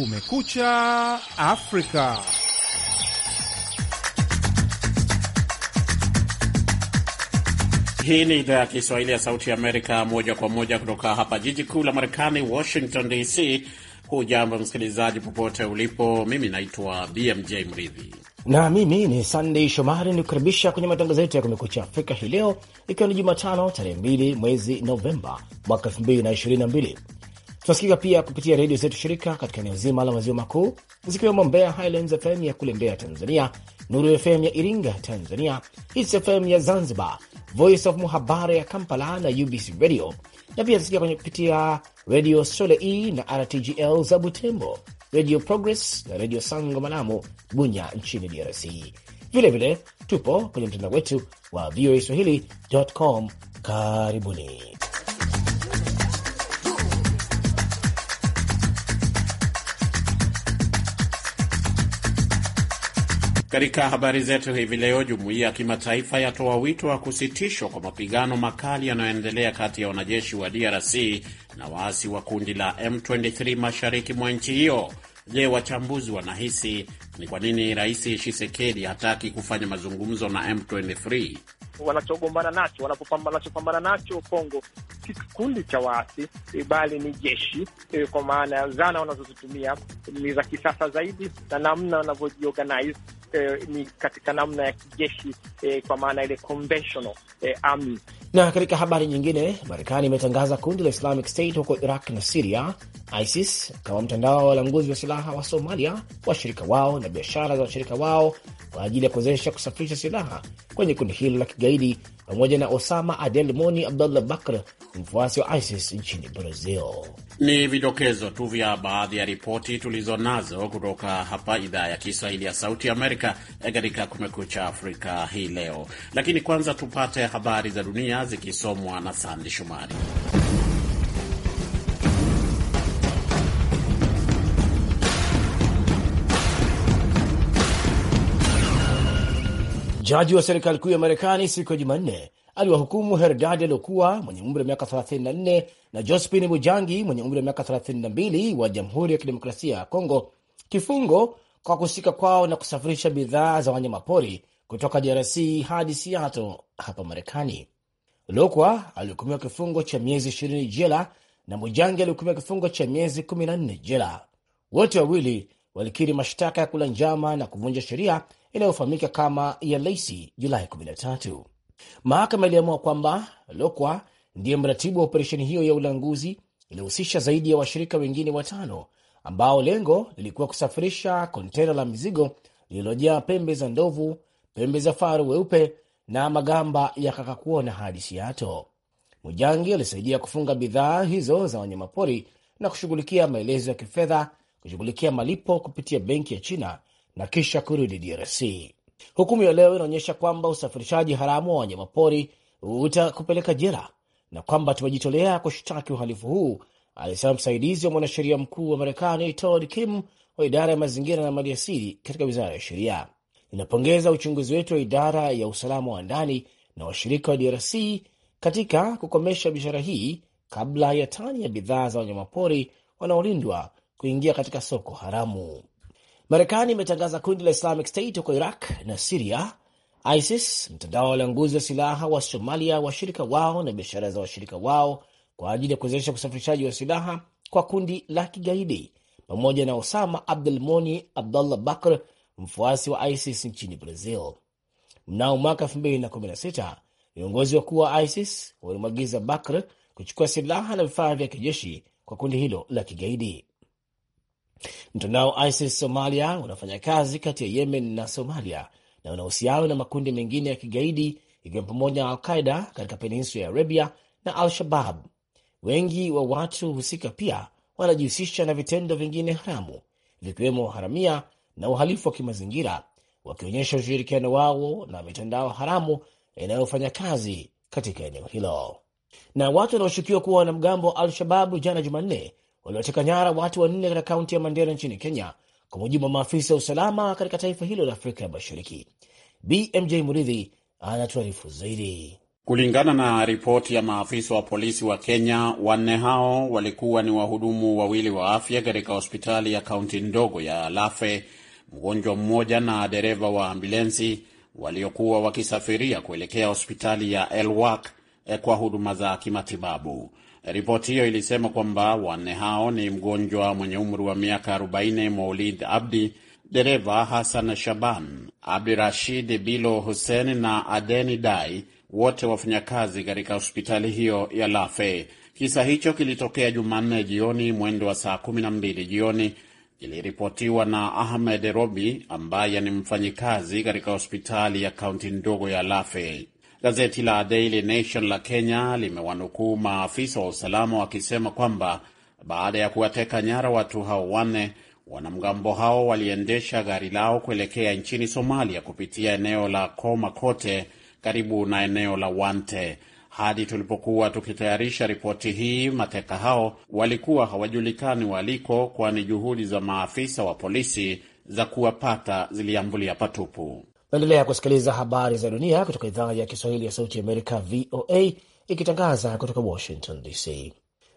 Kumekucha Afrika. Hii ni idhaa ya Kiswahili ya Sauti ya Amerika, moja kwa moja kutoka hapa jiji kuu la Marekani, Washington DC. Hujambo msikilizaji, popote ulipo. Mimi naitwa BMJ Mridhi na mimi ni sandey Shomari, nikukaribisha kwenye matangazo yetu ya Kumekucha Afrika hii leo, ikiwa ni Jumatano tarehe 2 mwezi Novemba mwaka 2022 Tunasikika pia kupitia redio zetu shirika katika eneo zima la maziwa makuu zikiwemo Mbeya Highlands FM ya kule Mbeya, Tanzania, Nuru FM ya Iringa, Tanzania, Hits FM ya Zanzibar, Voice of Muhabara ya Kampala na UBC Radio, na pia tunasikika kupitia redio Soleil e na RTGL za Butembo, Radio Progress na redio Sango Malamu Bunya nchini DRC. Vilevile tupo kwenye mtandao wetu wa VOA Swahili.com. Karibuni. Katika habari zetu hivi leo, jumuiya ya kimataifa yatoa wito wa kusitishwa kwa mapigano makali yanayoendelea kati ya wanajeshi wa DRC na waasi wa kundi la M23 mashariki mwa nchi hiyo. Je, wachambuzi wanahisi ni kwa nini Rais Tshisekedi hataki kufanya mazungumzo na M23? Wanachogombana nacho wanachopambana nacho Kongo si kikundi cha waasi, eh, bali ni jeshi, eh, kwa maana ya zana wanazozitumia ni za kisasa zaidi na namna wanavyojiorganize eh, ni katika namna ya kijeshi, kwa maana ile conventional army na katika habari nyingine, Marekani imetangaza kundi la Islamic State huko Iraq na Siria, ISIS, kama mtandao wa walanguzi wa silaha wa Somalia, washirika wao na biashara za washirika wao kwa ajili ya kuwezesha kusafirisha silaha kwenye kundi hilo la kigaidi, pamoja na Osama Adel Moni Abdullah Bakr mfuasi wa ISIS nchini Brazil. Ni vidokezo tu vya baadhi ya ripoti tulizonazo kutoka hapa idhaa ya Kiswahili ya Sauti Amerika eh, katika Kumekucha Afrika hii leo, lakini kwanza tupate habari za dunia zikisomwa na Sandi Shumari. Jaji wa serikali kuu ya Marekani siku ya Jumanne aliwahukumu herdad aliokuwa mwenye umri wa miaka 34 na Jospin Mujangi mwenye umri wa miaka 32 wa Jamhuri ya Kidemokrasia ya Kongo kifungo kwa kuhusika kwao na kusafirisha bidhaa za wanyamapori kutoka DRC hadi Seattle hapa Marekani. Lokwa alihukumiwa kifungo cha miezi 20 jela na Mujangi alihukumiwa kifungo cha miezi 14 jela. Wote wawili walikiri mashtaka ya kula njama na kuvunja sheria inayofahamika kama ya Leisi Julai 13. Mahakama iliamua kwamba Lokwa ndiye mratibu wa operesheni hiyo ya ulanguzi iliyohusisha zaidi ya washirika wengine watano ambao lengo lilikuwa kusafirisha kontena la mizigo lililojaa pembe za ndovu, pembe za faru weupe na magamba ya kakakuona hadi Siato. Mujangi alisaidia kufunga bidhaa hizo za wanyamapori na kushughulikia maelezo ya kifedha, kushughulikia malipo kupitia benki ya China na kisha kurudi DRC. Hukumu ya leo inaonyesha kwamba usafirishaji haramu wa wanyamapori utakupeleka jela na kwamba tumejitolea kushtaki uhalifu huu, alisema msaidizi wa mwanasheria mkuu wa Marekani Todd Kim wa idara ya mazingira na maliasili katika wizara ya sheria. inapongeza uchunguzi wetu wa idara ya usalama wa ndani na washirika wa DRC katika kukomesha biashara hii kabla ya tani ya bidhaa za wanyamapori wanaolindwa kuingia katika soko haramu. Marekani imetangaza kundi la Islamic State huko Iraq na Siria, ISIS, mtandao wa walanguzi wa silaha wa Somalia, washirika wao na biashara za washirika wao kwa ajili ya kuwezesha usafirishaji wa silaha kwa kundi la kigaidi, pamoja na Osama Abdul Moni Abdullah Bakr, mfuasi wa ISIS nchini Brazil. Mnao mwaka 2016 viongozi wakuu wa ISIS walimwagiza Bakr kuchukua silaha na vifaa vya kijeshi kwa kundi hilo la kigaidi. Mtandao ISIS Somalia unafanya kazi kati ya Yemen na Somalia na una na makundi mengine ya kigaidi ikiwa pamoja na Alqaida katika peninsula ya Arabia na Al-Shabab. Wengi wa watu husika pia wanajihusisha na vitendo vingine haramu vikiwemo haramia na uhalifu wa kimazingira, wakionyesha ushirikiano wao na mitandao haramu inayofanya kazi katika eneo hilo. Na watu wanaoshukiwa kuwa wanamgambo wa Al-Shababu jana Jumanne waliwateka nyara watu wanne katika kaunti ya Mandera nchini Kenya, kwa mujibu wa maafisa wa usalama katika taifa hilo la Afrika ya Mashariki. BMJ Muridhi anatuarifu zaidi. Kulingana na ripoti ya maafisa wa polisi wa Kenya, wanne hao walikuwa ni wahudumu wawili wa afya katika hospitali ya kaunti ndogo ya Lafe, mgonjwa mmoja na dereva wa ambulensi waliokuwa wakisafiria kuelekea hospitali ya Elwak eh, kwa huduma za kimatibabu. Ripoti hiyo ilisema kwamba wanne hao ni mgonjwa mwenye umri wa miaka 40 Maulid Abdi, dereva Hassan Shaban, Abdirashid Bilo Hussein na Adeni Dai, wote wafanyakazi katika hospitali hiyo ya Lafe. Kisa hicho kilitokea Jumanne jioni mwendo wa saa 12 jioni, kiliripotiwa na Ahmed Robi ambaye ni mfanyikazi katika hospitali ya kaunti ndogo ya Lafe. Gazeti la Daily Nation la Kenya limewanukuu maafisa wa usalama wakisema kwamba baada ya kuwateka nyara watu hao wanne, wanamgambo hao waliendesha gari lao kuelekea nchini Somalia kupitia eneo la Komakote karibu na eneo la Wante. Hadi tulipokuwa tukitayarisha ripoti hii, mateka hao walikuwa hawajulikani waliko, kwani juhudi za maafisa wa polisi za kuwapata ziliambulia patupu. Naendelea kusikiliza habari za dunia kutoka idhaa ya Kiswahili ya Sauti Amerika, VOA, ikitangaza kutoka Washington DC.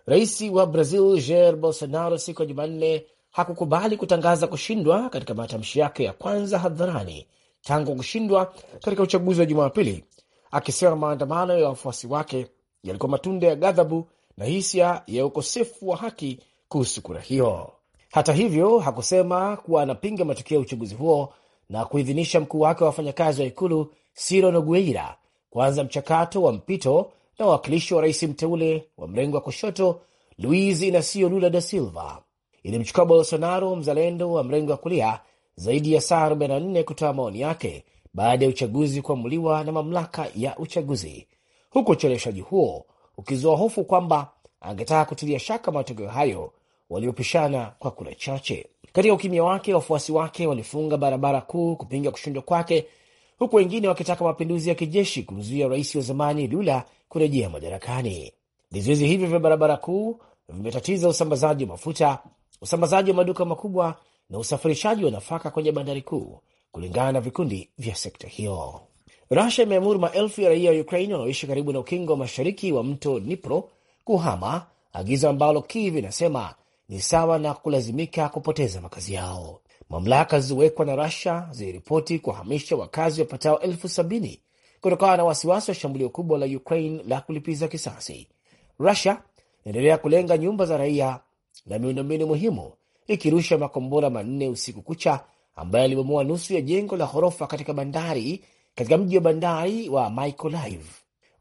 Rais wa Brazil Jair Bolsonaro siku ya Jumanne hakukubali kutangaza kushindwa katika matamshi yake ya kwanza hadharani tangu kushindwa katika uchaguzi wa Jumapili, akisema maandamano ya wafuasi wake yalikuwa matunda ya ghadhabu na hisia ya ukosefu wa haki kuhusu kura hiyo. Hata hivyo, hakusema kuwa anapinga matokeo ya uchaguzi huo na kuidhinisha mkuu wake wa wafanyakazi wa ikulu Siro Nogueira kuanza mchakato wa mpito na wawakilishi wa rais mteule wa mrengo wa kushoto Luiz Inacio Lula da Silva. Ilimchukua Bolsonaro, mzalendo wa mrengo wa kulia, zaidi ya saa 44 kutoa maoni yake baada ya uchaguzi kuamuliwa na mamlaka ya uchaguzi, huku ucheleweshaji huo ukizoa hofu kwamba angetaka kutilia shaka matokeo hayo waliopishana kwa kura chache. Katika ukimya wake, wafuasi wake walifunga barabara kuu kupinga kushindwa kwake, huku wengine wakitaka mapinduzi ya kijeshi kumzuia rais wa zamani Lula kurejea madarakani. Vizuizi hivyo vya barabara kuu vimetatiza usambazaji wa mafuta, usambazaji wa maduka makubwa na usafirishaji wa nafaka kwenye bandari kuu, kulingana na vikundi vya sekta hiyo. Rusia imeamuru maelfu ya raia wa Ukraine wanaoishi karibu na ukingo wa mashariki wa mto Dnipro kuhama, agizo ambalo Kiev inasema ni sawa na kulazimika kupoteza makazi yao. Mamlaka zilizowekwa na Russia ziliripoti kuwahamisha wakazi wapatao elfu sabini kutokana na wasiwasi wa shambulio kubwa la Ukraine la kulipiza kisasi. Russia inaendelea kulenga nyumba za raia na miundombinu muhimu, ikirusha makombora manne usiku kucha ambayo yalibomoa nusu ya jengo la ghorofa katika bandari katika mji wa bandari wa Mykolaiv.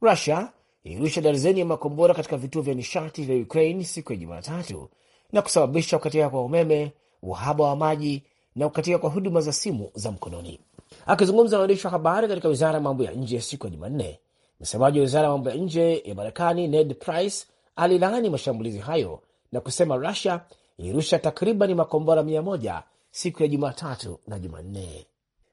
Russia ilirusha darzeni ya makombora katika vituo vya nishati vya Ukraine siku ya Jumatatu na kusababisha kukatika kwa umeme, uhaba wa maji na kukatika kwa huduma za simu za mkononi. Akizungumza na waandishi wa habari katika wizara ya mambo ya nje siku ya Jumanne, msemaji wa wizara ya mambo ya nje ya Marekani Ned Price alilaani mashambulizi hayo na kusema Rusia ilirusha takriban makombora mia moja siku ya Jumatatu na Jumanne.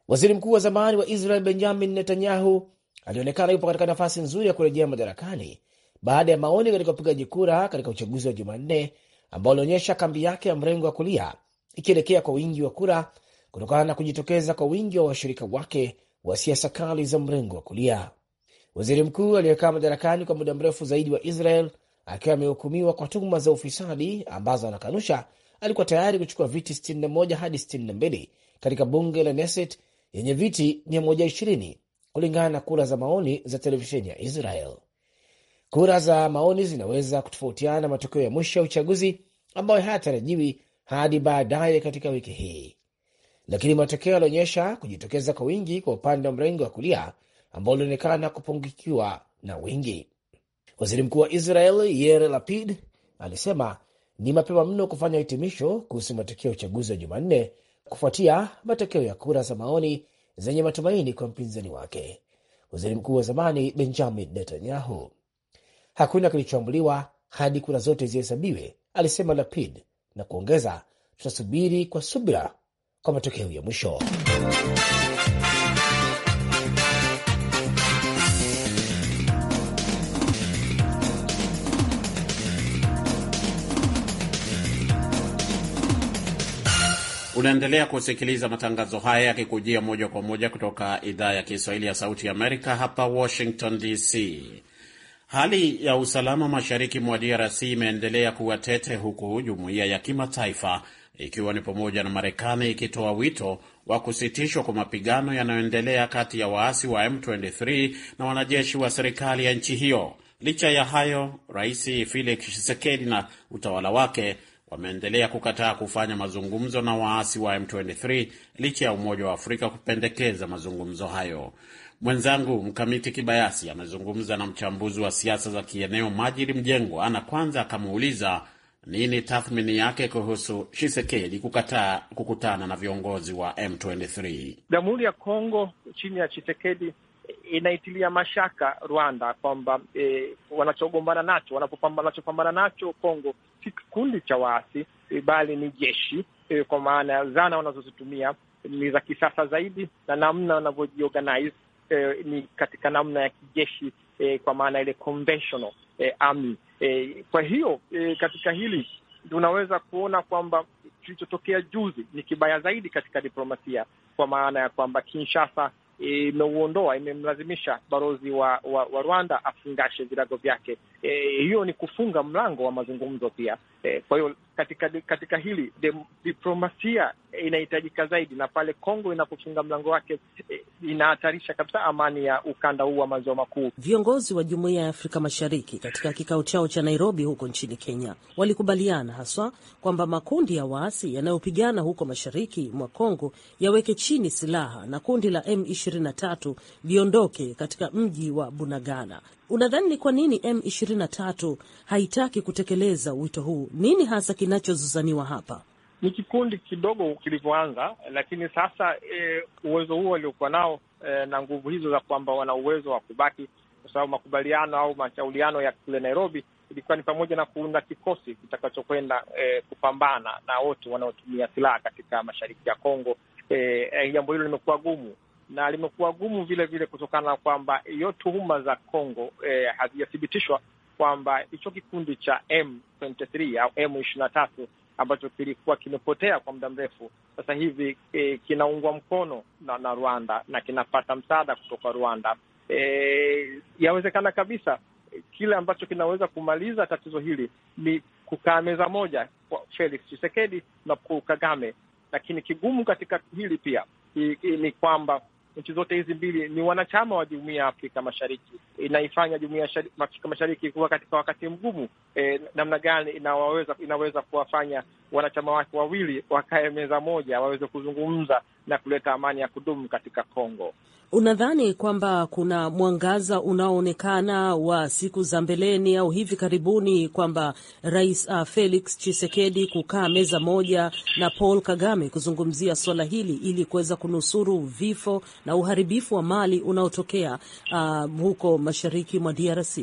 Waziri mkuu wa zamani wa Israel Benjamin Netanyahu alionekana yupo katika nafasi nzuri ya kurejea madarakani baada ya maoni katika upigaji kura katika uchaguzi wa Jumanne ambao alionyesha kambi yake ya mrengo wa kulia ikielekea kwa wingi wa kura kutokana na kujitokeza kwa wingi wa washirika wake wa siasa kali za mrengo wa kulia. Waziri mkuu aliyekaa madarakani kwa muda mrefu zaidi wa Israel akiwa amehukumiwa kwa tuhuma za ufisadi ambazo anakanusha, alikuwa tayari kuchukua viti 61 hadi 62 katika bunge la Knesset yenye viti 120 kulingana na kura za maoni za televisheni ya Israel. Kura za maoni zinaweza kutofautiana matokeo ya mwisho ya uchaguzi ambayo hayatarajiwi hadi baadaye katika wiki hii, lakini matokeo yalionyesha kujitokeza kwa wingi kwa upande wa mrengo wa kulia ambao ulionekana kupungukiwa na wingi. Waziri mkuu wa Israel Yair Lapid alisema ni mapema mno kufanya hitimisho kuhusu matokeo ya uchaguzi wa Jumanne kufuatia matokeo ya kura za maoni zenye matumaini kwa mpinzani wake waziri mkuu wa zamani Benjamin Netanyahu hakuna kilichoambuliwa hadi kura zote zihesabiwe, alisema Lapid na kuongeza, tutasubiri kwa subira kwa matokeo ya mwisho. Unaendelea kusikiliza matangazo haya yakikujia moja kwa moja kutoka idhaa ya Kiswahili ya Sauti ya Amerika hapa Washington DC. Hali ya usalama mashariki mwa DRC imeendelea kuwa tete, huku jumuiya ya kimataifa ikiwa ni pamoja na Marekani ikitoa wito wa kusitishwa kwa mapigano yanayoendelea kati ya waasi wa M23 na wanajeshi wa serikali ya nchi hiyo. Licha ya hayo, Rais Felix Tshisekedi na utawala wake wameendelea kukataa kufanya mazungumzo na waasi wa M23 licha ya Umoja wa Afrika kupendekeza mazungumzo hayo. Mwenzangu Mkamiti Kibayasi amezungumza na mchambuzi wa siasa za kieneo Majiri Mjengwa na kwanza akamuuliza nini tathmini yake kuhusu Shisekedi kukataa kukutana na viongozi wa M23. Jamhuri ya Kongo chini ya chisekedi inaitilia mashaka Rwanda kwamba e, wanachogombana nacho wanachopambana nacho Kongo si kikundi cha waasi e, bali ni jeshi e, kwa maana ya zana wanazozitumia ni za kisasa zaidi na namna wanavyojiorganize e, ni katika namna ya kijeshi e, kwa maana ile conventional e, army e, kwa hiyo e, katika hili tunaweza kuona kwamba kilichotokea juzi ni kibaya zaidi katika diplomasia, kwa maana ya kwamba Kinshasa imeuondoa, imemlazimisha balozi wa, wa, wa Rwanda afungashe virago vyake. Eh, hiyo e, ni kufunga mlango wa mazungumzo pia e, kwa hiyo katika, katika hili de, diplomasia inahitajika zaidi, na pale Kongo inapofunga mlango wake eh, inahatarisha kabisa amani ya ukanda huu wa maziwa makuu. Viongozi wa Jumuiya ya Afrika Mashariki katika kikao chao cha Nairobi huko nchini Kenya walikubaliana haswa kwamba makundi ya waasi yanayopigana huko mashariki mwa Kongo yaweke chini silaha na kundi la M23 liondoke katika mji wa Bunagana Unadhani ni kwa nini M23 haitaki kutekeleza wito huu? Nini hasa kinachozuzaniwa hapa? Ni kikundi kidogo kilivyoanza, lakini sasa e, uwezo huo waliokuwa nao e, na nguvu hizo za kwamba wana uwezo wa kubaki, kwa sababu makubaliano au mashauriano ya kule Nairobi ilikuwa ni pamoja na kuunda kikosi kitakachokwenda e, kupambana na wote wanaotumia silaha katika mashariki ya Kongo. Jambo e, e, hilo limekuwa gumu na limekuwa gumu vile vile kutokana na kwamba hiyo tuhuma za Kongo eh, hazijathibitishwa kwamba hicho kikundi cha M23 au M23 ambacho kilikuwa kimepotea kwa muda mrefu sasa hivi e, kinaungwa mkono na, na Rwanda na kinapata msaada kutoka Rwanda. E, yawezekana kabisa eh, kile ambacho kinaweza kumaliza tatizo hili ni kukaa meza moja kwa Felix Tshisekedi na Paul Kagame, lakini kigumu katika hili pia ni kwamba nchi zote hizi mbili ni wanachama wa jumuiya ya Afrika Mashariki, inaifanya jumuiya ya Afrika Mashariki kuwa katika wakati mgumu. E, namna gani inaweza inaweza kuwafanya wanachama wake wawili wakae meza moja waweze kuzungumza na kuleta amani ya kudumu katika Kongo. Unadhani kwamba kuna mwangaza unaoonekana wa siku za mbeleni au hivi karibuni kwamba Rais uh, Felix Tshisekedi kukaa meza moja na Paul Kagame kuzungumzia swala hili ili kuweza kunusuru vifo na uharibifu wa mali unaotokea uh, huko mashariki mwa DRC?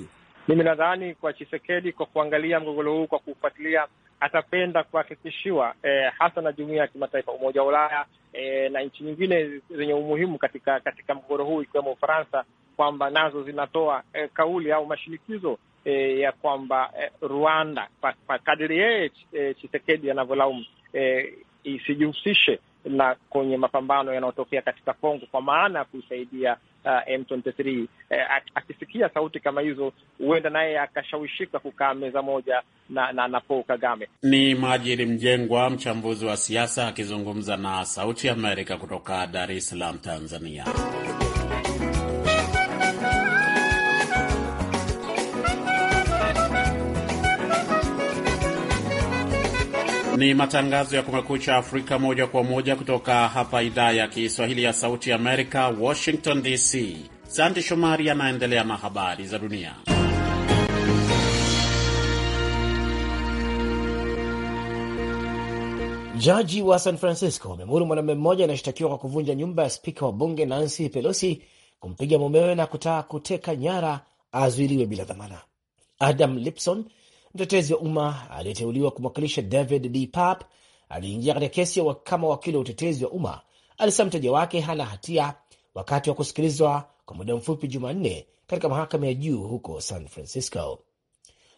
Mimi nadhani kwa Tshisekedi, kwa kuangalia mgogoro huu, kwa kuufuatilia atapenda kuhakikishiwa eh, hasa na jumuia ya kimataifa, Umoja wa Ulaya eh, na nchi nyingine zenye umuhimu katika katika mgogoro huu ikiwemo Ufaransa kwamba nazo zinatoa eh, kauli au mashinikizo eh, ya kwamba eh, Rwanda kwa, kadiri yeye eh, Chisekedi anavyolaumu eh, isijihusishe na kwenye mapambano yanayotokea katika Kongo kwa maana ya kuisaidia uh, M23 eh, akisikia sauti kama hizo, huenda naye akashawishika kukaa meza moja na, na, na Paul Kagame. Ni Majiri Mjengwa, mchambuzi wa siasa akizungumza na Sauti ya Amerika kutoka Dar es Salaam, Tanzania. Ni matangazo ya Kumekucha Afrika moja kwa moja kutoka hapa idhaa ya Kiswahili ya Sauti Amerika, Washington DC. sandi Shomari anaendelea na habari za dunia. Jaji wa San Francisco amemuru mwanamume mmoja anayeshitakiwa kwa kuvunja nyumba ya spika wa bunge Nancy Pelosi kumpiga mumewe na kutaka kuteka nyara azuiliwe bila dhamana. Adam Lipson Mtetezi wa umma aliyeteuliwa kumwakilisha David D Pap aliingia katika kesi wa kama wakili wa utetezi wa umma alisema mteja wake hana hatia wakati wa kusikilizwa kwa muda mfupi Jumanne katika mahakama ya juu huko San Francisco.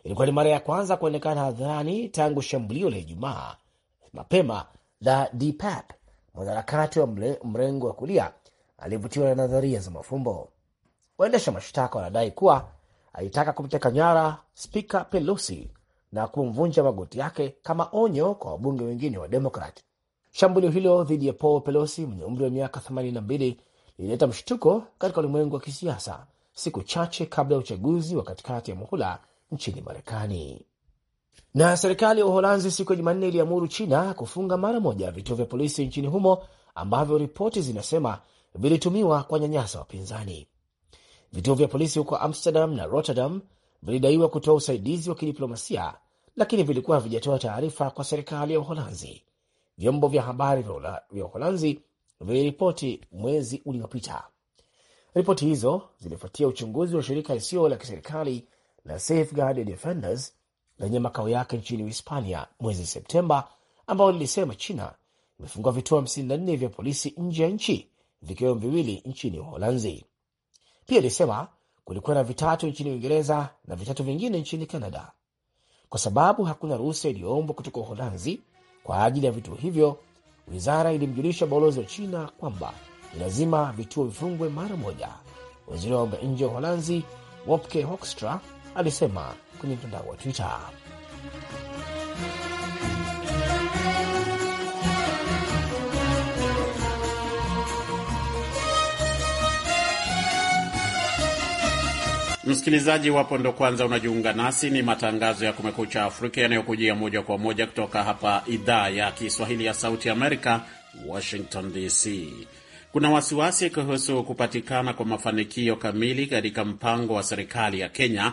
Ilikuwa ni mara ya kwanza kuonekana hadharani tangu shambulio la Ijumaa mapema la Pap, Mwanaharakati wa mle, mrengo wa kulia aliyevutiwa na nadharia za mafumbo. Waendesha mashtaka wanadai kuwa alitaka kumteka nyara Spika Pelosi na kumvunja magoti yake kama onyo kwa wabunge wengine wa Demokrat. Shambulio hilo dhidi ya Paul Pelosi mwenye umri wa miaka 82 lilileta mshtuko katika ulimwengu wa kisiasa siku chache kabla ya uchaguzi wa katikati ya muhula nchini Marekani. Na serikali ya Uholanzi siku ya Jumanne iliamuru China kufunga mara moja vituo vya polisi nchini humo ambavyo ripoti zinasema vilitumiwa kwa nyanyasa wapinzani. Vituo vya polisi huko Amsterdam na Rotterdam vilidaiwa kutoa usaidizi wa kidiplomasia, lakini vilikuwa havijatoa taarifa kwa serikali ya Uholanzi. Vyombo vya habari vya Uholanzi viliripoti mwezi uliopita. Ripoti hizo zilifuatia uchunguzi wa shirika lisio la kiserikali la Safeguard Defenders lenye makao yake nchini Hispania mwezi Septemba, ambao lilisema China imefungua vituo 54 vya polisi nje ya nchi, vikiwemo viwili nchini Uholanzi. Pia ilisema kulikuwa na vitatu nchini Uingereza na vitatu vingine nchini Kanada. Kwa sababu hakuna ruhusa iliyoombwa kutoka Uholanzi kwa ajili ya vituo hivyo, wizara ilimjulisha balozi wa China kwamba ni lazima vituo vifungwe mara moja. Waziri wa mambo ya nje wa Uholanzi Wopke Hoekstra alisema kwenye mtandao wa Twitter. Msikilizaji wapo ndo kwanza unajiunga nasi, ni matangazo ya Kumekucha Afrika yanayokujia moja kwa moja kutoka hapa idhaa ya Kiswahili ya Sauti Amerika, Washington DC. Kuna wasiwasi kuhusu kupatikana kwa mafanikio kamili katika mpango wa serikali ya Kenya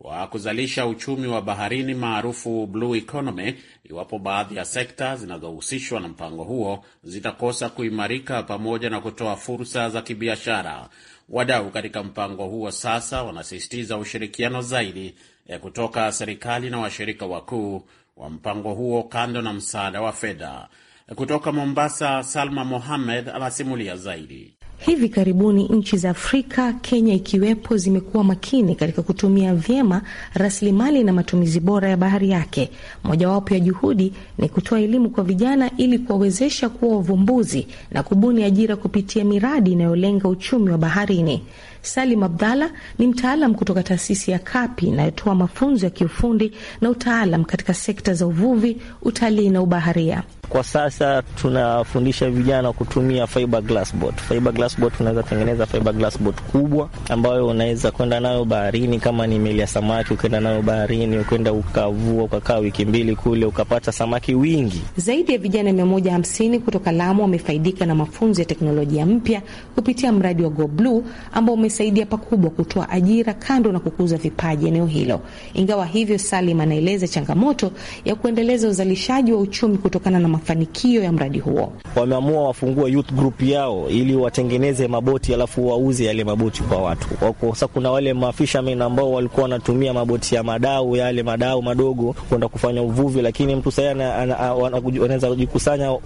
wa kuzalisha uchumi wa baharini maarufu blue economy, iwapo baadhi ya sekta zinazohusishwa na mpango huo zitakosa kuimarika pamoja na kutoa fursa za kibiashara. Wadau katika mpango huo sasa wanasisitiza ushirikiano zaidi ya eh, kutoka serikali na washirika wakuu wa mpango huo kando na msaada wa fedha. Eh, kutoka Mombasa, Salma Mohamed anasimulia zaidi. Hivi karibuni nchi za Afrika, Kenya ikiwepo, zimekuwa makini katika kutumia vyema rasilimali na matumizi bora ya bahari yake. Mojawapo ya juhudi ni kutoa elimu kwa vijana ili kuwawezesha kuwa wavumbuzi na kubuni ajira kupitia miradi inayolenga uchumi wa baharini. Salim Abdalla ni mtaalam kutoka taasisi ya Kapi inayotoa mafunzo ya kiufundi na utaalam katika sekta za uvuvi, utalii na ubaharia. Kwa sasa tunafundisha vijana kutumia fiberglass boat. Fiberglass boat unaweza tengeneza fiberglass boat kubwa ambayo unaweza kwenda nayo baharini, kama ni meli ya samaki, ukaenda nayo baharini, ukaenda ukavua, ukakaa wiki mbili kule, ukapata samaki wingi. Zaidi ya vijana mia moja hamsini kutoka Lamu wamefaidika na mafunzo ya teknolojia mpya kupitia mradi wa Go Blue ambao umesaidia pakubwa kutoa ajira kando na kukuza vipaji eneo hilo. Ingawa hivyo, Salim anaeleza changamoto ya kuendeleza uzalishaji wa uchumi kutokana na mafanikio ya mradi huo. Wameamua wafungue youth group yao ili watengeneze maboti alafu wauze yale maboti kwa watu. wako. Sasa kuna wale mafishermen ambao walikuwa wanatumia maboti ya madau yale madau madogo kwenda kufanya uvuvi, lakini mtu sasa anaweza kujikusanya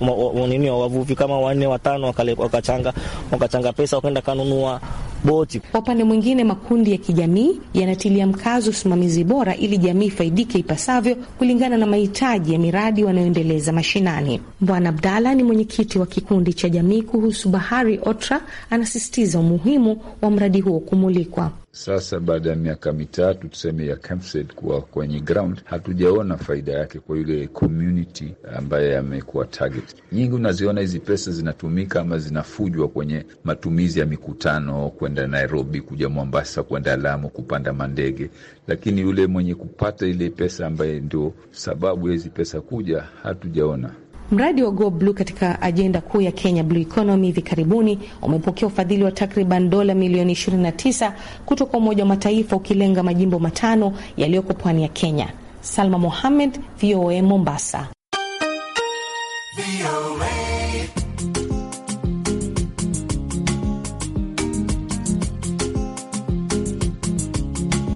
nini wavuvi kama wanne watano, wakachanga wakachanga pesa wakaenda kanunua boti. Kwa upande mwingine, makundi ya kijamii yanatilia mkazo usimamizi bora ili jamii faidike ipasavyo kulingana na mahitaji ya miradi wanayoendeleza mashinani. Marekani. Bwana Abdalla ni mwenyekiti wa kikundi cha jamii kuhusu bahari OTRA, anasisitiza umuhimu wa mradi huo kumulikwa. Sasa baada ya miaka mitatu tuseme ya Campsite kuwa kwenye ground, hatujaona faida yake kwa yule community ambaye amekuwa target. Nyingi unaziona hizi pesa zinatumika ama zinafujwa kwenye matumizi ya mikutano, kwenda Nairobi, kuja Mombasa, kwenda Lamu, kupanda mandege, lakini yule mwenye kupata ile pesa ambaye ndio sababu ya hizi pesa kuja, hatujaona. Mradi wa Go Blue katika ajenda kuu ya Kenya Blue Economy hivi karibuni umepokea ufadhili wa takriban dola milioni 29 kutoka Umoja wa Mataifa ukilenga majimbo matano yaliyoko pwani ya Kenya. Salma Mohamed, VOA Mombasa.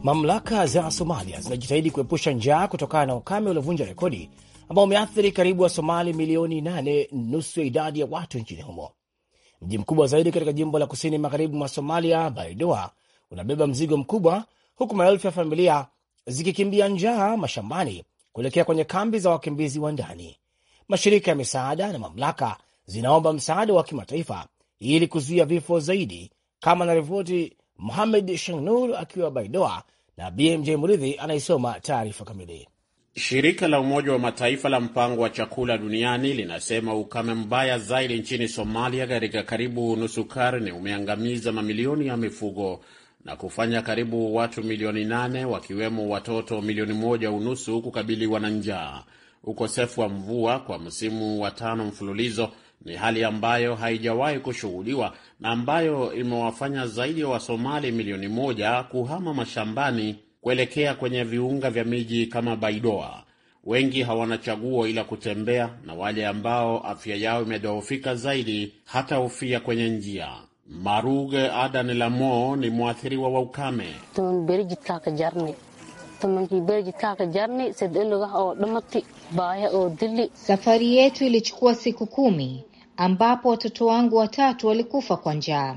Mamlaka za Somalia zinajitahidi kuepusha njaa kutokana na ukame uliovunja rekodi ambao umeathiri karibu Somali milioni nane, nusu ya idadi ya watu nchini humo. Mji mkubwa zaidi katika jimbo la kusini magharibi mwa Somalia, Baidoa, unabeba mzigo mkubwa, huku maelfu ya familia zikikimbia njaa mashambani kuelekea kwenye kambi za wakimbizi wa ndani. Mashirika ya misaada na mamlaka zinaomba msaada wa kimataifa ili kuzuia vifo zaidi, kama anaripoti Muhamed Shangnur akiwa Baidoa, na BMJ Muridhi anaisoma taarifa kamili. Shirika la Umoja wa Mataifa la Mpango wa Chakula Duniani linasema ukame mbaya zaidi nchini Somalia katika karibu nusu karne umeangamiza mamilioni ya mifugo na kufanya karibu watu milioni nane wakiwemo watoto milioni moja unusu kukabiliwa na njaa. Ukosefu wa mvua kwa msimu wa tano mfululizo ni hali ambayo haijawahi kushuhudiwa na ambayo imewafanya zaidi ya wa Wasomali milioni moja kuhama mashambani kuelekea kwenye viunga vya miji kama Baidoa. Wengi hawana chaguo ila kutembea, na wale ambao afya yao imedhoofika zaidi hata hufia kwenye njia. Maruge Adan Lamo ni mwathiriwa wa ukame. Safari yetu ilichukua siku kumi ambapo watoto wangu watatu walikufa kwa njaa.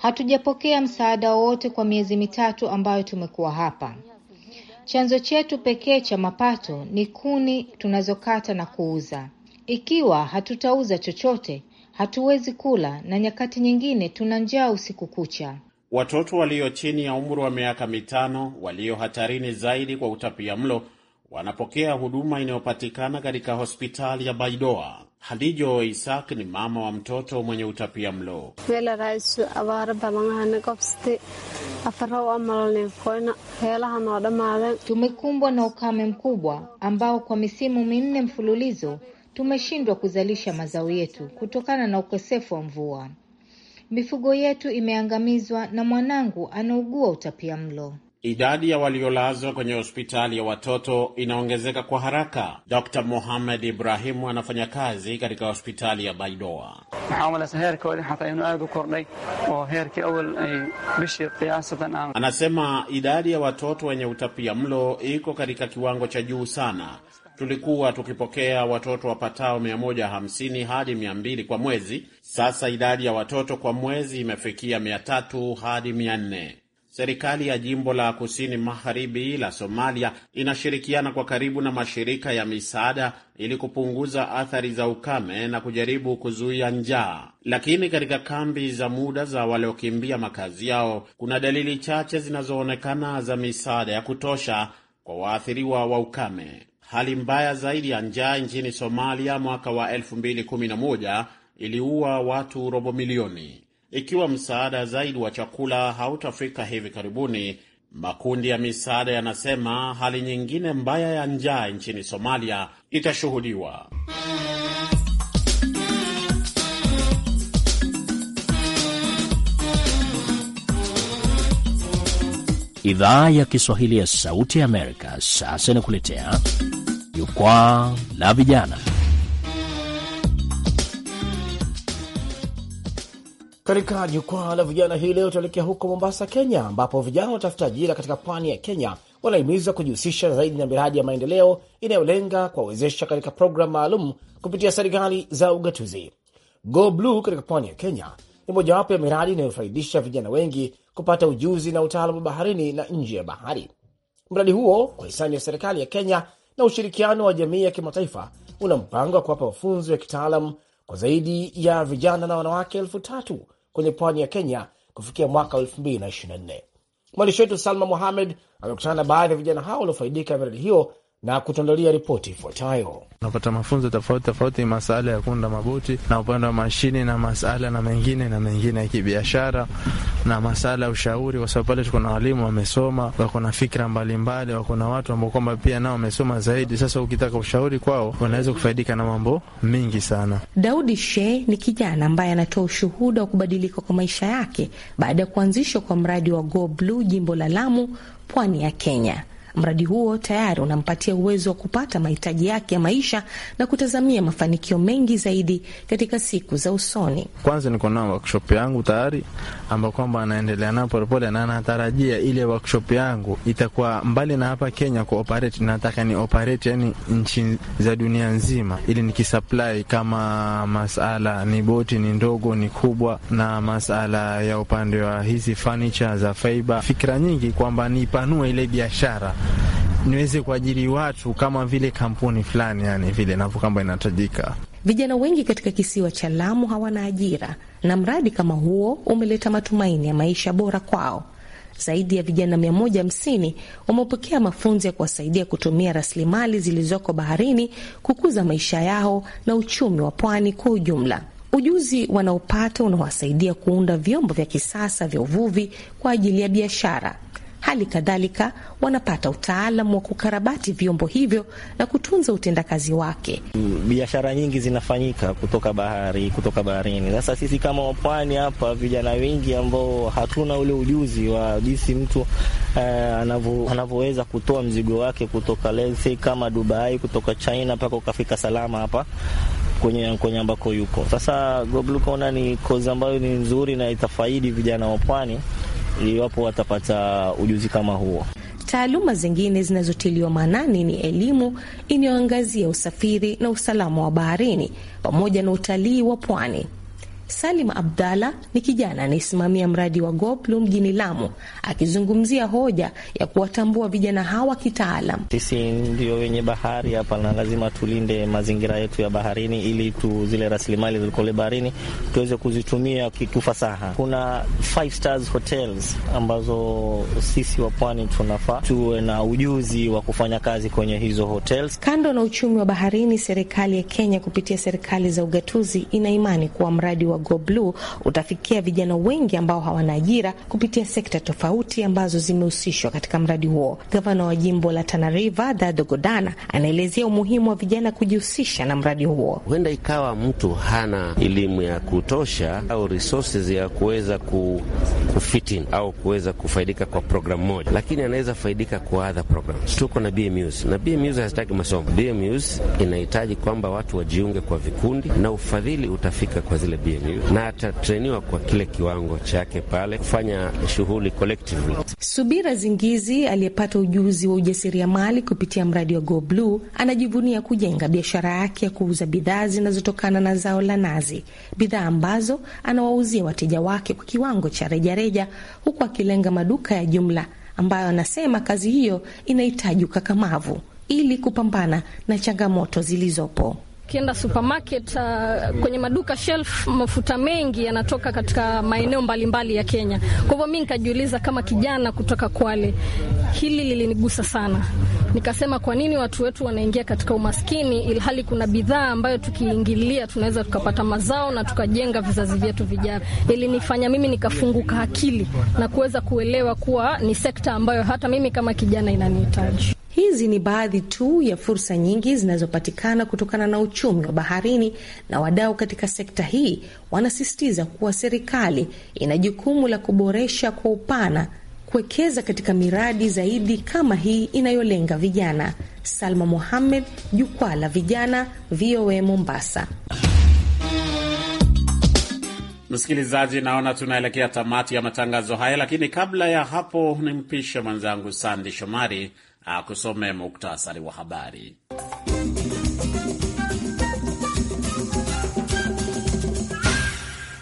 Hatujapokea msaada wowote kwa miezi mitatu ambayo tumekuwa hapa. Chanzo chetu pekee cha mapato ni kuni tunazokata na kuuza. Ikiwa hatutauza chochote, hatuwezi kula, na nyakati nyingine tuna njaa usiku kucha. Watoto walio chini ya umri wa miaka mitano walio hatarini zaidi kwa utapia mlo wanapokea huduma inayopatikana katika hospitali ya Baidoa. Hadijo Isak ni mama wa mtoto mwenye utapia mlo. Tumekumbwa na ukame mkubwa ambao kwa misimu minne mfululizo tumeshindwa kuzalisha mazao yetu kutokana na ukosefu wa mvua. Mifugo yetu imeangamizwa na mwanangu anaugua utapia mlo. Idadi ya waliolazwa kwenye hospitali ya watoto inaongezeka kwa haraka. Dr Mohamed Ibrahimu anafanya kazi katika hospitali ya Baidoa. Anasema idadi ya watoto wenye utapia mlo iko katika kiwango cha juu sana. Tulikuwa tukipokea watoto wapatao 150 hadi 200 kwa mwezi. Sasa idadi ya watoto kwa mwezi imefikia 300 hadi 400. Serikali ya jimbo la kusini magharibi la Somalia inashirikiana kwa karibu na mashirika ya misaada ili kupunguza athari za ukame na kujaribu kuzuia njaa, lakini katika kambi za muda za waliokimbia makazi yao kuna dalili chache zinazoonekana za misaada ya kutosha kwa waathiriwa wa ukame. Hali mbaya zaidi ya njaa nchini Somalia mwaka wa 2011 iliua watu robo milioni ikiwa msaada zaidi wa chakula hautafika hivi karibuni. Makundi ya misaada yanasema hali nyingine mbaya ya njaa nchini Somalia itashuhudiwa. Idhaa ya Kiswahili ya Sauti ya Amerika sasa inakuletea jukwaa la vijana. Katika jukwaa la vijana hii leo, tuelekea huko Mombasa, Kenya, ambapo vijana wanatafuta ajira katika pwani ya Kenya wanahimizwa kujihusisha zaidi na miradi ya maendeleo inayolenga kuwawezesha katika programu maalum kupitia serikali za ugatuzi. Go Blue katika pwani ya Kenya ni mojawapo ya miradi inayofaidisha vijana wengi kupata ujuzi na utaalamu wa baharini na nje ya bahari. Mradi huo kwa hisani ya serikali ya Kenya na ushirikiano wa jamii ya kimataifa una mpango wa kuwapa mafunzo ya kitaalam kwa zaidi ya vijana na wanawake elfu tatu kwenye pwani ya Kenya kufikia mwaka 2024. Mwandishi wetu Salma muhamed amekutana na baadhi ya vijana hao waliofaidika miradi hiyo na kutuandalia ripoti ifuatayo. Unapata mafunzo tofauti tofauti, masala ya kuunda maboti na upande wa mashini na masala na mengine na mengine ya kibiashara na masala ya ushauri, kwa sababu pale tuko na walimu wamesoma, wako na fikra mbalimbali, wako na watu ambao kwamba pia nao wamesoma zaidi. Sasa ukitaka ushauri kwao, unaweza kufaidika na mambo mengi sana. Daudi she ni kijana ambaye anatoa ushuhuda wa kubadilika kwa maisha yake baada ya kuanzishwa kwa mradi wa Go Blue jimbo la Lamu, pwani ya Kenya. Mradi huo tayari unampatia uwezo wa kupata mahitaji yake ya maisha na kutazamia mafanikio mengi zaidi katika siku za usoni. Kwanza niko nao workshop yangu tayari, ambao kwamba anaendelea nao polepole, na anatarajia ile workshop yangu itakuwa mbali na hapa Kenya ku operate. Nataka ni operate, yani nchi za dunia nzima, ili nikisupply kama masala ni boti ni ndogo ni kubwa, na masala ya upande wa hizi furniture za fiber, fikira nyingi kwamba nipanue ile biashara niweze kuajiri watu kama vile kampuni fulani, yani vile navyo kwamba inahitajika. Vijana wengi katika kisiwa cha Lamu hawana ajira, na mradi kama huo umeleta matumaini ya maisha bora kwao. Zaidi ya vijana 150 wamepokea mafunzo ya kuwasaidia kutumia rasilimali zilizoko baharini kukuza maisha yao na uchumi wa pwani kwa ujumla. Ujuzi wanaopata unawasaidia kuunda vyombo vya kisasa vya uvuvi kwa ajili ya biashara. Hali kadhalika wanapata utaalamu wa kukarabati vyombo hivyo na kutunza utendakazi wake. Biashara nyingi zinafanyika kutoka bahari, kutoka baharini. Sasa sisi kama wapwani hapa, vijana wengi ambao hatuna ule ujuzi wa jinsi mtu eh, anavyoweza kutoa mzigo wake kutoka lensi kama Dubai, kutoka China mpaka ukafika salama hapa kwenye, kwenye ambako yuko sasa. Global ni kozi ambayo ni nzuri na itafaidi vijana wa pwani iwapo watapata ujuzi kama huo. Taaluma zingine zinazotiliwa maanani ni elimu inayoangazia usafiri na usalama wa baharini pamoja na utalii wa pwani. Salim Abdalla ni kijana anayesimamia mradi wa Goplu mjini Lamu, akizungumzia hoja ya kuwatambua vijana hawa kitaalam. Sisi ndio wenye bahari hapa na lazima tulinde mazingira yetu ya baharini, ili tu zile rasilimali zilikole baharini tuweze kuzitumia kiufasaha. Kuna five stars hotels ambazo sisi wa pwani tunafaa tuwe na ujuzi wa kufanya kazi kwenye hizo hotels. Kando na uchumi wa baharini, serikali ya Kenya kupitia serikali za ugatuzi ina imani kuwa mradi wa Go Blue utafikia vijana wengi ambao hawana ajira kupitia sekta tofauti ambazo zimehusishwa katika mradi huo. Gavana wa jimbo la Tana River Dado Godana anaelezea umuhimu wa vijana kujihusisha na mradi huo. Huenda ikawa mtu hana elimu ya kutosha au resources ya kuweza kufitin au kuweza kufaidika kwa programu moja, lakini anaweza faidika kwa other programs. Tuko na BMUs na BMUs hazitaki masomo. BMUs inahitaji kwamba watu wajiunge kwa vikundi na ufadhili utafika kwa zile BMUs kutrainiwa na atatreniwa kwa kile kiwango chake pale kufanya shughuli collectively. Subira Zingizi aliyepata ujuzi wa ujasiriamali kupitia mradi wa Go Blue anajivunia kujenga biashara yake ya kuuza bidhaa zinazotokana na zao la nazi, bidhaa ambazo anawauzia wateja wake kwa kiwango cha rejareja, huku akilenga maduka ya jumla ambayo anasema kazi hiyo inahitaji ukakamavu ili kupambana na changamoto zilizopo ukienda supermarket, uh, kwenye maduka shelf, mafuta mengi yanatoka katika maeneo mbalimbali ya Kenya. Kwa hivyo mi nikajiuliza kama kijana kutoka Kwale, hili lilinigusa sana. Nikasema, kwa nini watu wetu wanaingia katika umaskini ilhali kuna bidhaa ambayo tukiingilia tunaweza tukapata mazao na tukajenga vizazi vyetu vijavyo. Ilinifanya mimi nikafunguka akili na kuweza kuelewa kuwa ni sekta ambayo hata mimi kama kijana inanihitaji. Hizi ni baadhi tu ya fursa nyingi zinazopatikana kutokana na uchumi wa baharini, na wadau katika sekta hii wanasisitiza kuwa serikali ina jukumu la kuboresha kwa upana, kuwekeza katika miradi zaidi kama hii inayolenga vijana. Salma Mohamed, Jukwaa la Vijana, VOA Mombasa. Msikilizaji, naona tunaelekea tamati ya matangazo haya, lakini kabla ya hapo nimpishe mwenzangu Sandi Shomari akusomee ah, muktasari wa habari.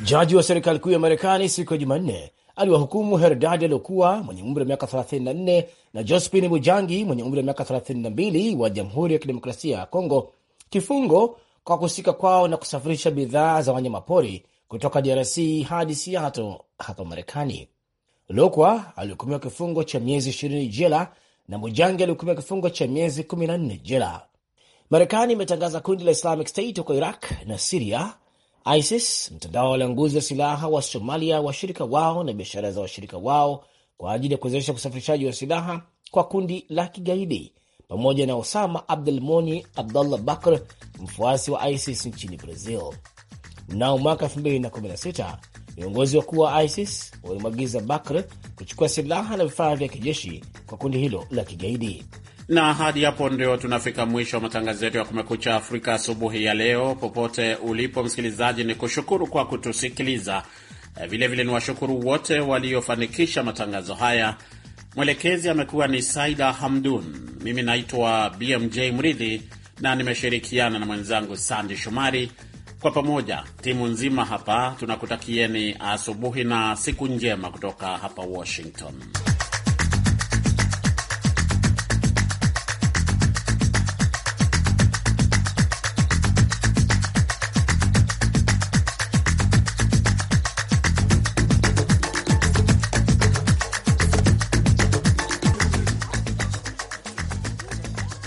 Jaji wa serikali kuu ya Marekani siku ya Jumanne aliwahukumu Herdadi aliokuwa mwenye umri wa miaka 34 na Jospin bujangi mwenye umri wa miaka 32 wa Jamhuri ya Kidemokrasia ya Kongo kifungo kwa kuhusika kwao na kusafirisha bidhaa za wanyamapori kutoka DRC hadi Seattle hapa Marekani. Lokwa alihukumiwa kifungo cha miezi ishirini jela na Mujangi alihukumiwa kifungo cha miezi 14 jela. Marekani imetangaza kundi la Islamic State huko Iraq na Siria, ISIS, mtandao wa walanguzi wa silaha wa Somalia, washirika wao na biashara za washirika wao kwa ajili ya kuwezesha usafirishaji wa silaha kwa kundi la kigaidi, pamoja na Osama Abdul Moni Abdullah Bakr, mfuasi wa ISIS nchini Brazil. Mnao mwaka 2016 viongozi wakuu wa ISIS walimwagiza Bakr kuchukua silaha na vifaa vya kijeshi kwa kundi hilo la kigaidi. Na hadi hapo ndio tunafika mwisho wa matangazo yetu ya Kumekucha Afrika asubuhi ya leo. Popote ulipo msikilizaji, ni kushukuru kwa kutusikiliza. Vilevile eh, ni washukuru wote waliofanikisha matangazo haya. Mwelekezi amekuwa ni Saida Hamdun, mimi naitwa BMJ Mridhi na nimeshirikiana na mwenzangu Sandi Shomari. Kwa pamoja timu nzima hapa tunakutakieni asubuhi na siku njema kutoka hapa Washington.